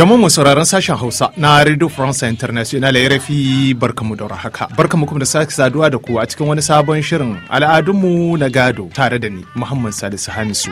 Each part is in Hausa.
Jama'a sauraron sashen Hausa na Radio France International ya rafi barkamu da haka. Barkamu kuma da sake saduwa da ku a cikin wani sabon shirin al'adunmu na gado tare da ni Muhammad Salisu Hamisu.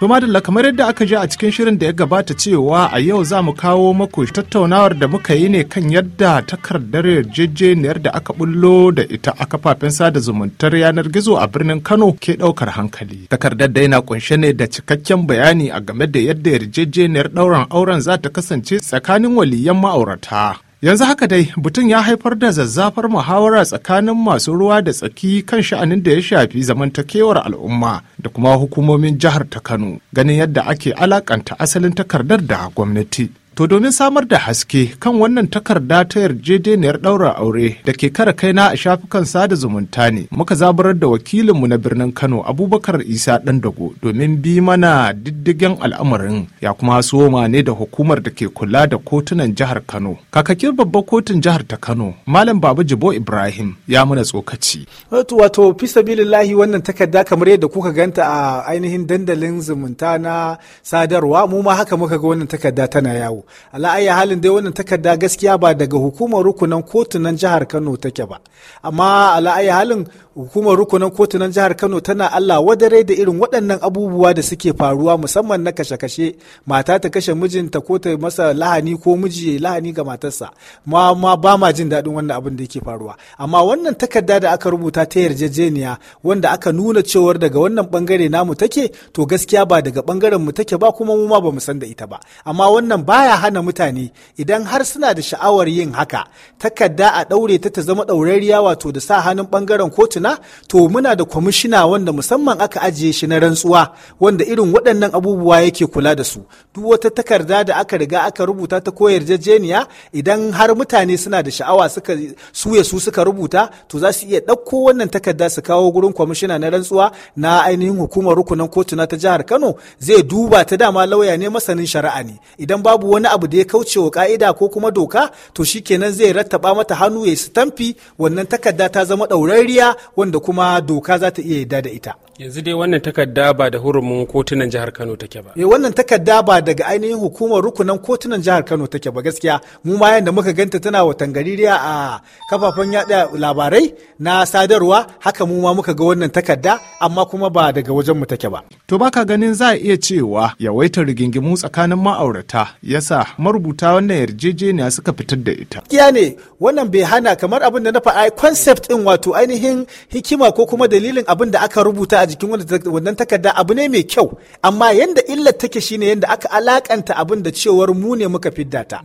To madalla kamar yadda aka ji a cikin shirin da ya gabata cewa a yau za mu kawo muku tattaunawar da muka yi ne kan yadda takardar yarjejeniyar da aka bullo da ita a kafafen sada zumuntar yanar gizo a birnin Kano ke ɗaukar hankali. Takardar da yana kunshe ne da cikakken bayani a game da yadda yarjejeniyar ɗaurin auren za ta kasance tsakanin waliyan ma'aurata. yanzu haka dai butun ya haifar da zazzafar muhawara tsakanin masu ruwa da tsaki kan sha'anin da ya shafi zamantakewar al'umma da kuma hukumomin jihar ta kano ganin yadda ake alakanta asalin takardar da gwamnati To domin samar da haske kan wannan takarda ta yarjejeniyar ɗaura aure da ke kara kaina a shafukan sada zumunta ne muka zaburar da wakilinmu na birnin Kano Abubakar Isa ɗandago domin bi mana diddigen al'amarin ya kuma soma ne da hukumar da ke kula da kotunan jihar Kano. Kakakin babban kotun jihar ta Kano Malam Baba Jibo Ibrahim ya muna tsokaci. Wato fisabilillahi wannan takarda kamar yadda kuka ganta a ainihin dandalin zumunta na sadarwa mu ma haka muka ga wannan takarda tana yawo. ala'ayya halin dai wannan takarda gaskiya ba daga hukumar rukunan kotunan jihar Kano take ba amma ala'ayya halin hukumar rukunan kotunan jihar Kano tana Allah wadare da irin waɗannan abubuwa da suke faruwa musamman na kashe-kashe mata ta kashe mijinta ko ta masa lahani ko miji lahani ga matarsa ma ma ba ma jin daɗin wannan abin da yake faruwa amma wannan takarda da aka rubuta ta yarjejeniya wanda aka nuna cewar daga wannan bangare namu take to gaskiya ba daga bangaren mu take ba kuma mu ma ba san da ita ba amma wannan baya hana mutane idan har suna da sha'awar yin haka takarda a ɗaure ta ta zama ɗaurariya wato da sa hannun ɓangaren kotuna to muna da kwamishina wanda musamman aka ajiye shi na rantsuwa wanda irin waɗannan abubuwa yake kula da su duk wata takarda da aka riga aka rubuta ta ko yarjejeniya idan har mutane suna da sha'awa suka suya su suka rubuta to za su iya ɗauko wannan takarda su kawo gurin kwamishina na rantsuwa na ainihin hukumar rukunin kotuna ta jihar Kano zai duba ta dama lauya ne masanin shari'a ne idan babu wani wani abu da ya kauce wa ka'ida ko kuma doka to shi shikenan zai rattaba mata hannu ya tamfi wannan takarda ta zama ɗaurariya wanda kuma doka za ta iya yarda da ita yanzu dai wannan takarda ba da hurumin kotunan jihar kano take ba eh wannan takarda ba daga ainihin hukumar rukunan kotunan jihar kano take ba gaskiya mu ma yanda muka ganta tana watan gaririya a kafafen yada labarai na sadarwa haka mu ma muka ga wannan takarda amma kuma ba daga wajen mu take ba to baka ganin za a iya cewa yawaitar rigingimu tsakanin ma'aurata yasa marubuta wannan yarjejeniya suka fitar da ita gaskiya ne wannan bai hana kamar abin da na faɗa concept din wato ainihin hikima ko kuma dalilin abin da aka rubuta a jikin wannan takarda abu ne mai kyau amma yadda illar take shine yadda aka alakanta abin da cewar mu ne muka fidda ta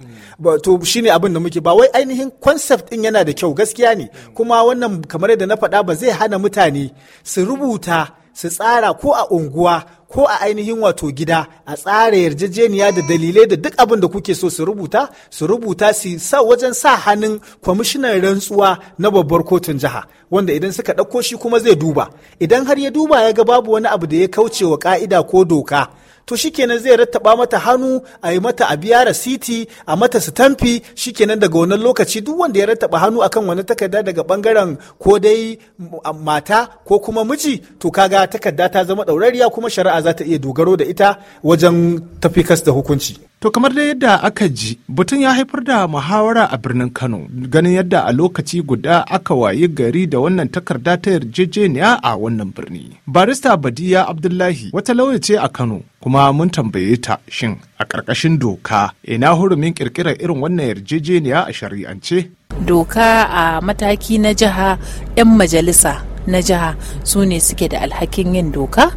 to shine abin da muke ba wai ainihin concept din yana da kyau gaskiya ne kuma wannan kamar yadda na faɗa ba zai hana mutane su rubuta su tsara ko a unguwa ko a ainihin wato gida a tsara yarjejeniya da dalilai da duk abin da kuke so su rubuta su rubuta su sa wajen sa hannun kwamishinan rantsuwa na babbar kotun jiha wanda idan suka ɗauko shi kuma zai duba idan har ya duba ya ga babu wani abu da ya kauce wa ka'ida ko doka to shi kenan zai rattaba mata hannu a yi mata a biya rasiti a mata sitamfi kenan daga wannan lokaci duk wanda ya rattaba hannu akan wani takarda daga bangaren ko dai mata ko kuma miji to kaga takarda ta zama ɗaurariya kuma shari'a za ta iya dogaro da ita wajen tafikas da hukunci To kamar dai yadda aka ji butun ya haifar da muhawara a birnin Kano ganin yadda a lokaci guda aka wayi gari da wannan takarda ta yarjejeniya a wannan birni. Barista Badiya Abdullahi wata lauya ce a Kano kuma kuma mun tambaye ta shin a ƙarƙashin doka ina hurumin ƙirƙirar irin wannan yarjejeniya a shari'ance doka a mataki na jiha 'yan majalisa na jiha su ne suke da alhakin yin doka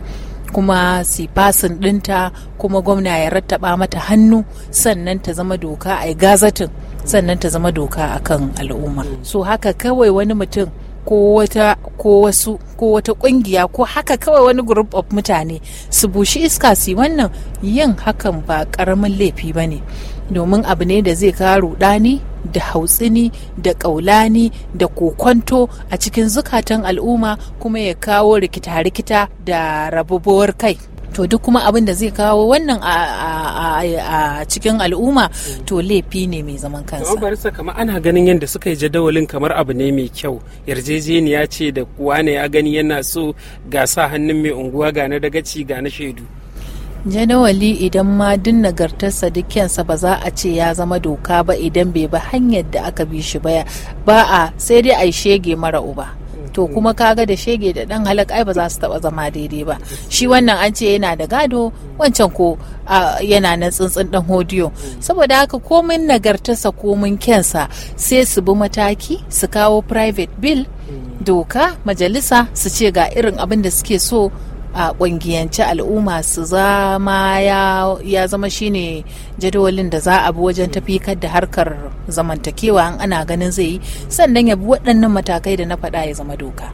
kuma si fasin ɗinta kuma gwamna ya rattaba mata hannu sannan ta zama doka a gazatin sannan ta zama doka a kan al'umma so haka kawai wani mutum ko wata ko wasu ko wata kungiya ko haka kawai wani group of mutane su bushi iska su wannan yin hakan ba karamin laifi ba ne domin abu ne da zai kawo rudani da hautsini da kaulani da kokonto a cikin zukatan al'umma kuma ya kawo rikita-rikita da rabubuwar kai to duk kuma abin da zai kawo wannan a cikin al'umma to laifi ne mai zaman kansa kamar barista kamar ana ganin yadda suka yi jadawalin kamar abu ne mai kyau yarjejeniya ce da kuwa ne ya gani yana so ga sa hannun mai unguwa ga na dagaci ga na shaidu janawali idan ma duk nagartarsa duk kyansa ba za a ce ya zama doka ba idan bai ba hanyar da aka bi shi ba a sai dai a shege mara uba to kuma kaga da shege da dan halak ai ba za su taba zama daidai ba shi wannan an ce yana da gado wancan ko yana na tsuntsun dan hodiyo saboda haka komin nagartarsa mun kensa sai su bi mataki su kawo private bill doka majalisa su ce ga irin abin da suke so a kungiyance al'umma su zama ya zama shine jadawalin da za a bi wajen tafi da harkar zamantakewa an ana ganin zai yi sannan ya bi waɗannan matakai da na faɗa ya zama doka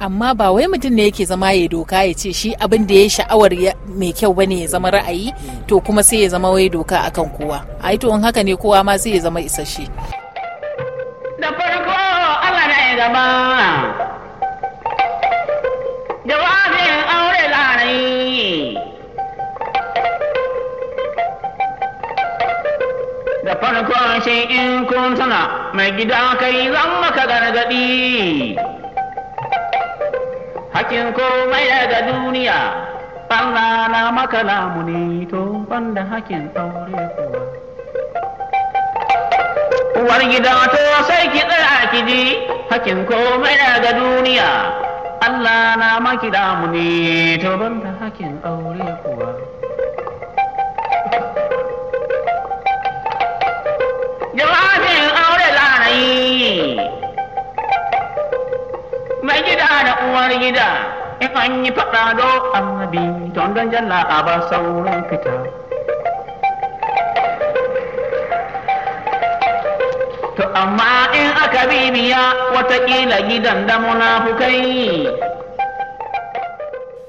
amma ba wai mutum ne yake zama ya doka ya ce shi abin da ya sha'awar mai kyau bane ya zama ra'ayi to kuma sai ya zama wai doka akan kowa ai to in haka ne kowa ma sai ya zama isasshe da farko Allah na ya jawabi farko shi in kun tuna mai gida kai zan maka gargaɗi hakin komai daga duniya balla na maka ne, to banda hakin aure kuwa uwar gida to sai ki tsaya ki ji hakin komai daga duniya Allah na maki ne, to banda hakin aure kuwa an yi faɗa do annabi don don janna a ba sauran fita to amma in aka bibiya watakila gidan da munafukai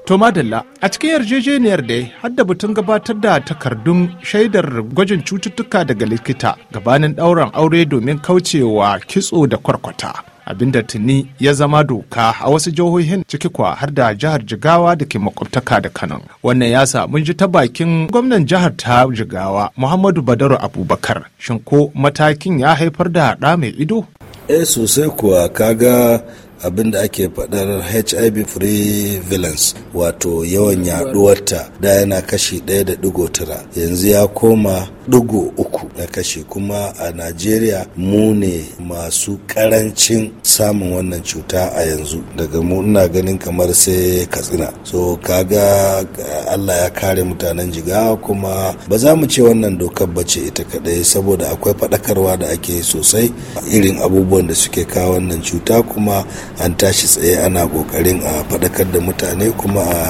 To Madalla, a cikin yarjejeniyar da har da batun gabatar da takardun shaidar gwajin cututtuka daga likita gabanin ɗauran aure domin kaucewa kitso da kwarkwata. abinda tuni ya zama doka a wasu jihohin ciki kwa har da jihar jigawa da ke makwabtaka da kano wannan ya sa mun ji ta bakin gwamnan jihar ta jigawa muhammadu badaru abubakar shin ko matakin ya haifar da haɗa mai ido eh sosai kuwa kaga abin da ake faɗar hiv prevalence wato yawan yaduwarta da yana kashi ɗaya da ɗigo tara yanzu ya koma ɗigo uku na kashi kuma a najeriya mu ne masu ƙarancin. samun wannan cuta a yanzu daga mu ina ganin kamar sai katsina so kaga allah ya kare mutanen jiga kuma ba za mu ce wannan dokar ba ce ita kadai saboda akwai fadakarwa da ake sosai irin abubuwan da suke kawo wannan cuta kuma an tashi tsaye ana kokarin a faɗakar da mutane kuma a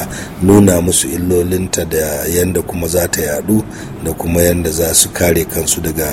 nuna musu illolinta da yanda kuma za ta yadu da kuma yanda za su kare kansu daga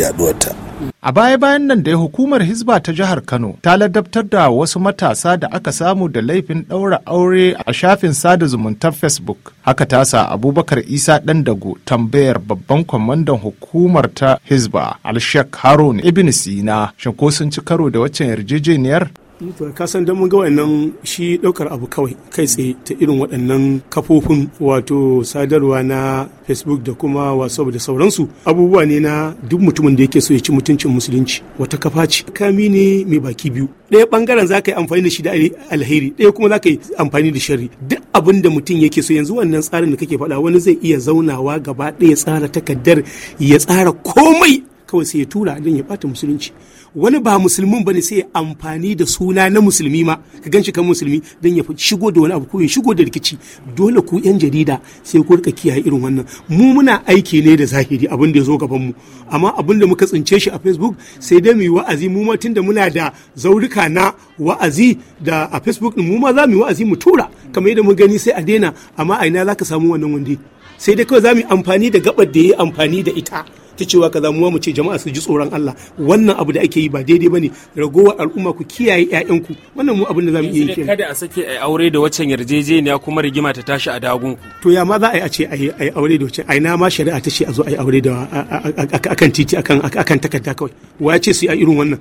yaduwarta A baya-bayan nan dai hukumar Hizba ta jihar Kano ta ladabtar da wasu matasa da aka samu da laifin ɗaura aure a shafin sada zumuntar Facebook. Haka ta sa Abubakar Isa ɗan dago tambayar babban kwamandan hukumar ta Hizba, Alshek Harun Ibn Sina, shin ko sun ci karo da waccan yarjejeniyar? to ka san mun ga wannan shi ɗaukar abu kawai kai tsaye ta irin waɗannan kafofin wato sadarwa na facebook da kuma whatsapp da sauransu abubuwa ne na duk mutumin da yake so ya ci mutuncin musulunci wata kafa ce kami ne mai baki biyu ɗaya bangaren za ka yi amfani da shi da alheri ɗaya kuma za ka yi amfani da shari. duk abin da mutum yake so yanzu wannan tsarin da kake faɗa wani zai iya zaunawa gaba ɗaya tsara takaddar ya tsara komai kawai sai ya tura don ya bata musulunci wani ba musulmin bane sai ya amfani da suna na musulmi ma ka ganshi kan musulmi don ya shigo da wani abu ko ya shigo da rikici dole ku yan jarida sai ku rika kiyaye irin wannan mu muna aiki ne da zahiri abin da ya zo gaban mu amma abin da muka tsince shi a facebook sai dai mu yi wa'azi mu ma tunda muna da zaurika na wa'azi da a facebook mu ma za mu yi wa'azi mu tura kamar yadda mu gani sai a daina amma a ina zaka samu wannan wande sai dai kawai za mu yi amfani da gabar da ya yi amfani da ita ta cewa kaza mu mu ce jama'a su ji tsoron Allah wannan abu da ake yi ba daidai bane ragowar al'umma ku kiyaye ƴaƴanku wannan mu abin da zamu iya yi kenan kada a sake ai aure da waccan yarjejeniya kuma rigima ta tashi a dagun ku to ya ma za a yi a ce ai ai aure da waccan ai na ma shari'a ta ce a zo ai aure da akan titi akan akan takarda kawai wa ce su a irin wannan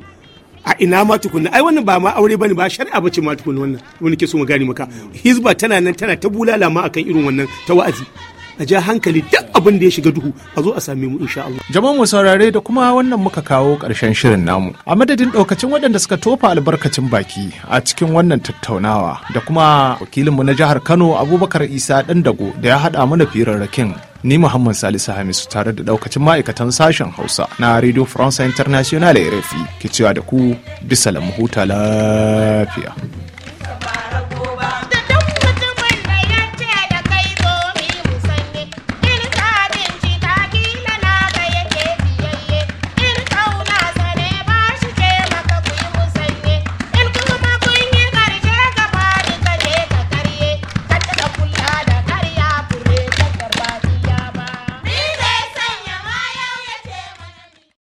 a ina ma tukunna ai wannan ba ma aure bane ba shari'a bace ma tukunna wannan wani ke so mu gane maka hizba tana nan tana ta bulala ma akan irin wannan ta wa'azi a ja hankali duk abin da ya shiga duhu a zo a same mu insha Allah. Jama'a mu saurare da kuma wannan muka kawo ƙarshen shirin namu. A madadin ɗaukacin waɗanda suka tofa albarkacin baki a cikin wannan tattaunawa da kuma wakilinmu na jihar Kano Abubakar Isa dago da ya haɗa mana firarrakin. Ni Muhammad Salisu Hamisu tare da ɗaukacin ma'aikatan sashen Hausa na Radio France International RFI ke cewa da ku bisa lamu huta lafiya.